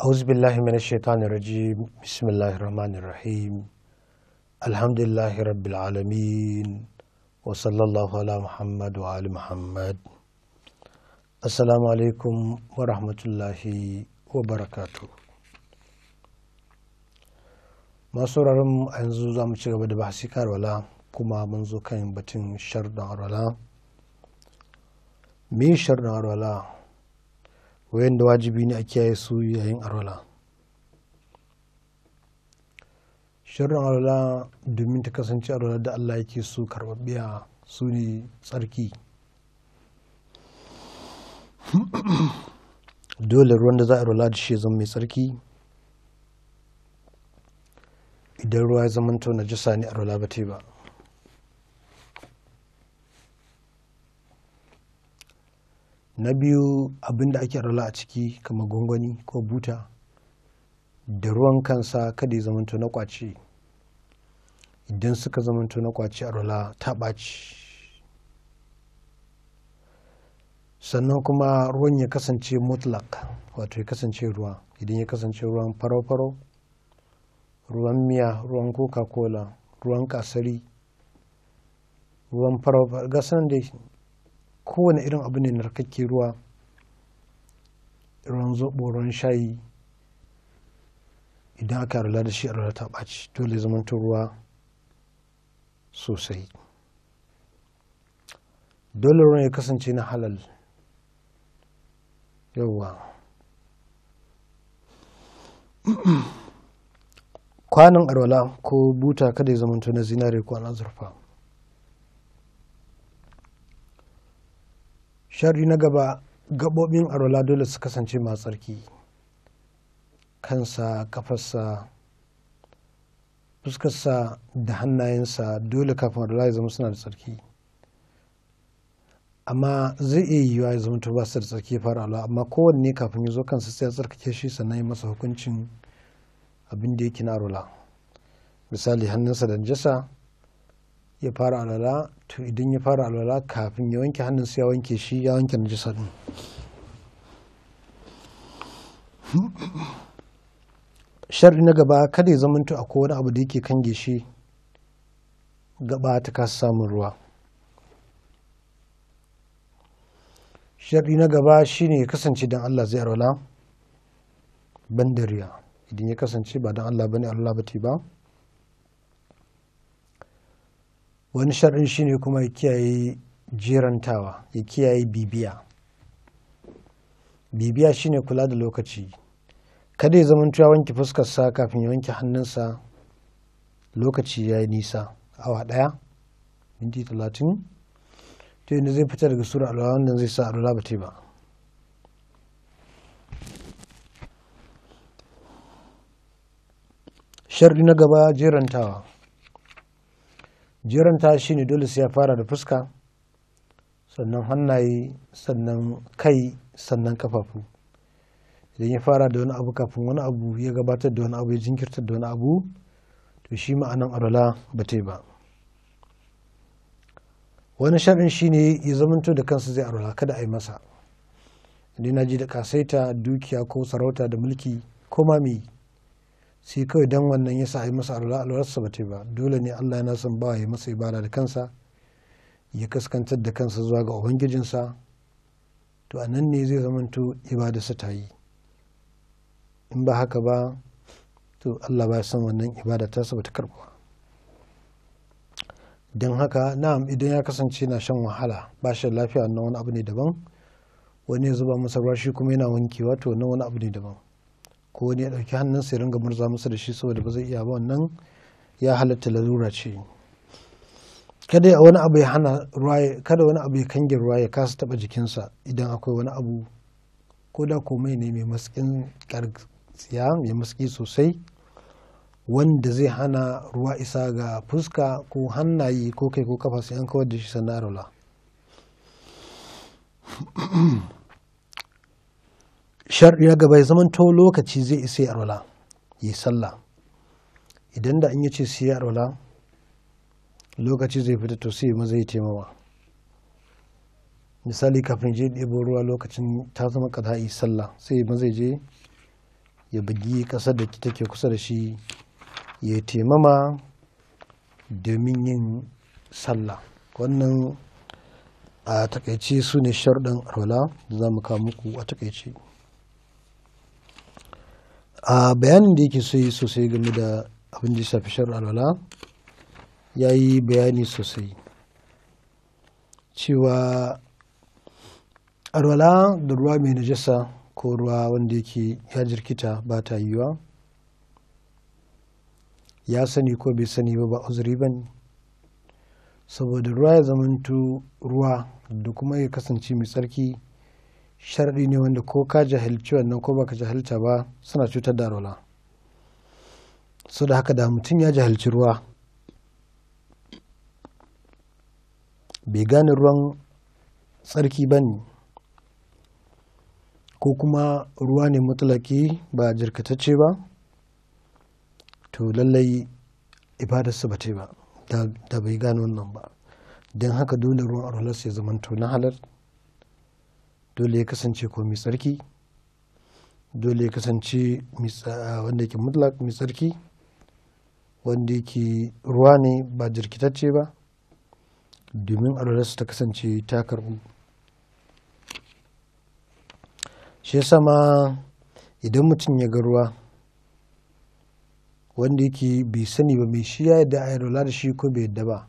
أعوذ بالله من الشيطان الرجيم بسم الله الرحمن الرحيم الحمد لله رب العالمين وصلى الله على محمد وعلى محمد السلام عليكم ورحمة الله وبركاته masu sauraron a yanzu za mu ci gaba da bahasi karwala kuma mun zo kan batun sharɗin arwala me sharɗin arwala wayanda wajibi ne a kiyaye su yayin arola shirin arola domin ta kasance arola da allah yake su karbabbiya su ne tsarki dole ruwan da za a arwala da shi zama mai tsarki idan ruwa ya zama to jisa ne arwala ba ta ba na biyu abin da ake rala a ciki kamar gwangwani ko buta da ruwan kansa kada ya zamanto na kwace idan suka zamanto na kwace a rala ta ɓaci sannan kuma ruwan ya kasance mutlak wato ya kasance ruwa idan ya kasance ruwan farofaro faro ruwan miya ruwan coca-cola ruwan kasari ruwan faro-faro gasan dai kowane irin abu ne narkakke ruwa ruwan zobo ruwan shayi idan aka rula da shi a rula ta ɓaci dole zamanto ruwa sosai dole ruwan ya kasance na halal yauwa kwanan arwala ko buta kada ya zamanto na zinare ko na zurfa shari na gaba gaɓoɓin arola dole su kasance masu tsarki kansa kafarsa fuskarsa da hannayensa dole kafin arola ya zama suna da tsarki amma zai iya yiwuwa ya zama ba su da tsarki fara arola amma kowanne kafin ya zo kansa sai ya tsarkake shi sannan ya masa hukuncin abin da yake na arola misali hannunsa da jasa ya fara alwala to idan ya fara alwala kafin ya wanke hannun su ya wanke shi ya wanke najasa din sharri na gaba kada ya zamanto a wani abu da yake kan shi gaba ta kasa samun ruwa sharri na gaba shine ya kasance don Allah zai alwala ban dariya idan ya kasance ba don Allah bane Allah bati ba wani shar'in shine kuma ya kiyaye jerantawa ya kiyaye bibiya bibiya shine kula da lokaci kada ya zama ya wanke fuskarsa kafin ya wanke hannunsa lokaci ya yi nisa awa ɗaya minti talatin to yadda zai fita daga sura alwa wanda zai sa alwa ba ba sharri na gaba jerantawa jiranta shi ne dole sai ya fara da fuska sannan hannaye sannan kai sannan kafafu idan ya fara da wani abu kafin wani abu ya gabatar da wani abu ya jinkirtar da wani abu to shi ma'anan arola ba ta ba wani shar'in shi ne ya zamanto da kansa zai arola kada a yi masa idan na ji da kasaita dukiya ko sarauta da mulki ko mami. sai kawai dan wannan ya sa a yi masa alwala ba ta ba dole ne Allah yana son bawa ya masa ibada da kansa ya kaskantar da kansa zuwa ga ubangijinsa to a nan ne zai zamanto ibadarsa ta yi in ba haka ba to Allah ba ya san wannan ibada ta ba ta karɓa don haka na'am idan ya kasance na shan wahala ba shi lafiya na wani abu ne daban wani ya zuba masa rashi kuma yana wankewa to wannan wani abu ne daban ko wani ya ɗauki hannunsa ya ringa murza masa da shi saboda ba zai iya ba wannan ya halatta lalura ce kada wani abu ya hana ruwa kada wani abu ya kange ruwa ya kasa taba jikinsa idan akwai wani abu ko da komai ne mai maskin karsiya mai maski sosai wanda zai hana ruwa isa ga fuska ko hannaye ko kai ko kafa sai an kawar da shi sannan sharɗi na gaba ya zamanto lokaci zai isa ya rula yi sallah idan da an yi ce sai ya rula lokaci zai fita to sai maza ya taimawa misali kafin je ɗebo ruwa lokacin ta zama yi sallah sai maza je ya bugi ƙasar da take kusa da shi ya taimama domin yin sallah wannan a takaice su ne sharɗin rula da za mu kawo muku a takaice a bayanin da yake so yi sosai game da abin da shafi shar alwala ya yi bayani sosai cewa alwala da ruwa mai najasa ko ruwa wanda yake ya jirkita ba ta yiwa ya sani ko bai sani ba ba uzuri ba ne saboda ruwa ya zamantu ruwa da kuma ya kasance mai tsarki sharaɗi ne wanda ko ka jahilci wannan ko baka jahilta ba suna cutar da rola so da haka da mutum ya jahilci ruwa bai gane ruwan tsarki ba ne ko kuma ruwa ne mutulaki ba jirkatacce ba to lallai ibadarsa ba ta ba da bai gane wannan ba don haka dole ruwan arhalarsa ya zama na halar dole ya kasance ko mai tsarki dole ya kasance wanda yake mutlak mai tsarki wanda yake ruwa ne ba jirkitacce ba domin su ta kasance ta karbu shi sama idan mutum ya ga ruwa wanda yake bai sani ba mai shi ya yi a yi da shi ko bai yadda ba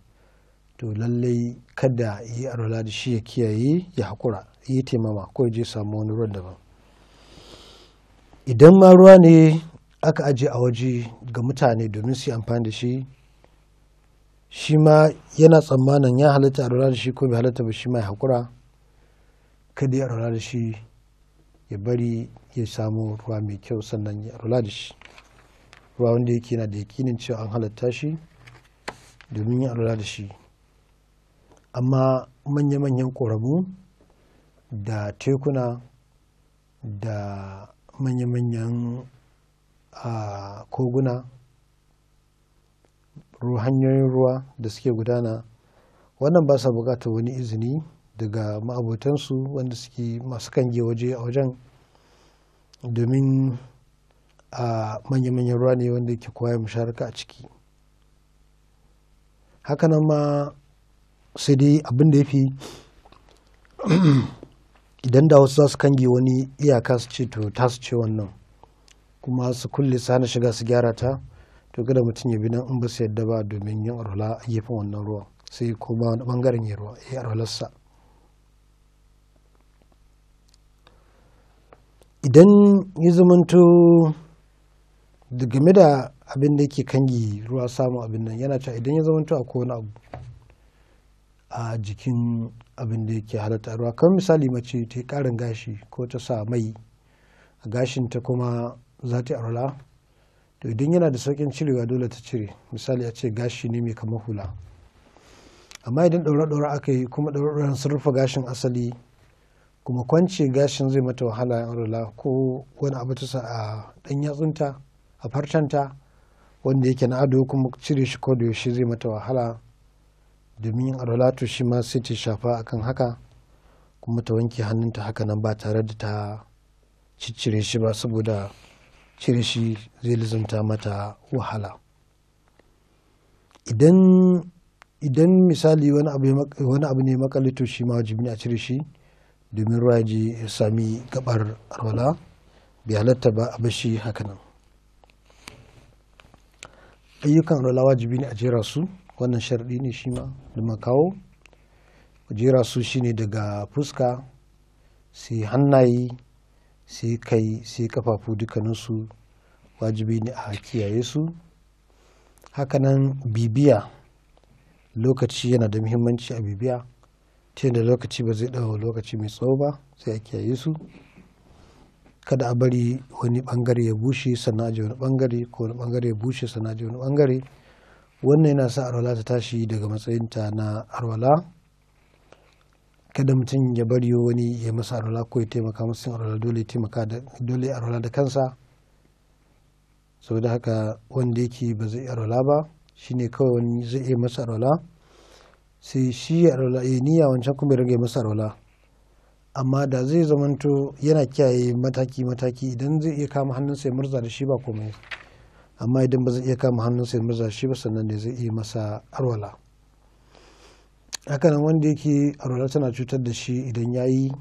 to lallai kada yi a da shi ya kiyaye ya haƙura yi taimama ko je samu wani ruwan daban idan ma ruwa ne aka aje a waje ga mutane domin su yi amfani da shi shi ma yana tsammanin ya halatta a da shi ko bai halatta ba shi ma ya haƙura kada ya da shi ya bari ya samu ruwa mai kyau sannan ya rula da shi ruwa wanda yake na da yakinin cewa an halatta shi domin ya rula da shi amma manya-manyan ƙoramu da tekuna da manya-manyan koguna hanyoyin ruwa da suke gudana wannan ba sa bukatar wani izini daga ma'abotansu wanda suke masu kange waje a wajen domin a manya-manyan ruwa ne wanda ke kowa musharaka a ciki hakanan ma sai dai abin da ya fi idan da wasu za su kange wani iyaka su ce to ta su ce wannan kuma su kulle su hana shiga su gyara ta to kada mutum ya bi nan in ba su yadda ba domin yin arhula a gefen wannan ruwan sai ko ba wani bangaren ya ruwa ya arhularsa idan ya da game da abin da yake kangi ruwa samun abin nan yana cewa idan ya zamanto a wani abu a jikin abin da yake halatta ruwa kamar misali mace ta yi karin gashi ko ta sa mai a gashin ta kuma za ta arla to idan yana da sauƙin cirewa dole ta cire misali a ce gashi ne mai kamar hula amma idan ɗaura-ɗaura aka yi kuma ɗaura ɗauren sun rufe gashin asali kuma kwance gashin zai mata wahala ya arla ko wani abu ta sa a ɗan yatsunta a farcanta wanda yake na ado kuma cire shi ko da yaushe zai mata wahala domin yin alwala toshima shi ma sai ta shafa akan haka kuma ta wanke hannunta haka nan ba tare da ta ciccire shi ba saboda cire shi zai lizanta mata wahala idan misali wani abu ne makalito shi ma wajibi ne a cire shi domin ruwa ya sami gabar alwala bai halatta ba a bashi haka nan ayyukan alwala wajibi ne a jera su wannan sharɗi ne shi ma da makawo jera su shine daga fuska sai hannaye sai kai sai kafafu dukkaninsu wajibi ne a kiyaye su hakanan bibiya lokaci yana da muhimmanci a bibiya ta da lokaci ba zai ɗaga lokaci mai tsawo ba sai a kiyaye su kada a bari wani bangare ya bushe sannan a wani bangare ko wani bangare ya bushe sannan a wani bangare wannan yana sa arwala ta tashi daga matsayinta na arwala kada mutum ya bari wani ya masa arwala ko ya taimaka masa arwala dole taimaka da dole arwala da kansa saboda haka wanda yake ba zai arwala ba shine kawai wani zai iya masa arwala sai shi ya arwala ya niyya wancan kuma ya rage masa arwala amma da zai zamanto yana kiyaye mataki mataki idan zai iya kama hannunsa ya murza da shi ba komai amma idan ba zai iya kama hannunsa sai murza shi ba sannan ne zai iya masa arwala hakanan wanda yake arwala tana cutar da shi idan ya yi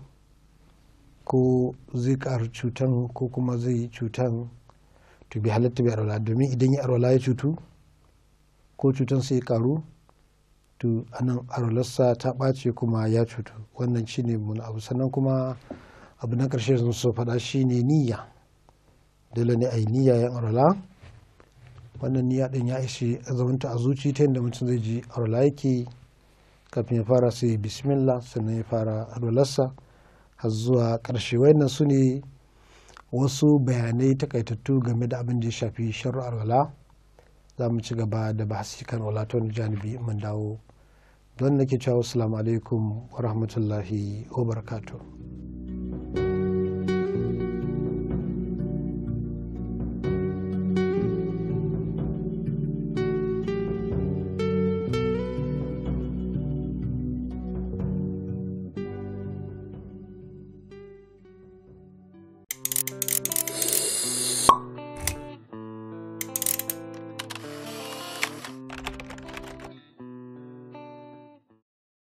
ko zai karu cutan ko kuma zai yi cutan to bi halatta bi arwala domin idan ya arwala ya cutu ko cutan sai ya karu to anan arwalarsa ta ɓace kuma ya cutu wannan shine mun abu sannan kuma abu na ƙarshe sun so faɗa ne niyya dole ne a yi niyya yan arwala wannan niyya din ya ishe zamanta a zuci ta yadda mutum zai ji arwala yake kafin ya fara sai bismillah sannan ya fara arwalarsa har zuwa ƙarshe wayannan su ne wasu bayanai takaitattu game da abin da ya shafi sharu alwala za mu ci gaba da bahasi kan wala ta wani janibi mun dawo don nake cewa assalamu alaikum wa rahmatullahi wa barakatuh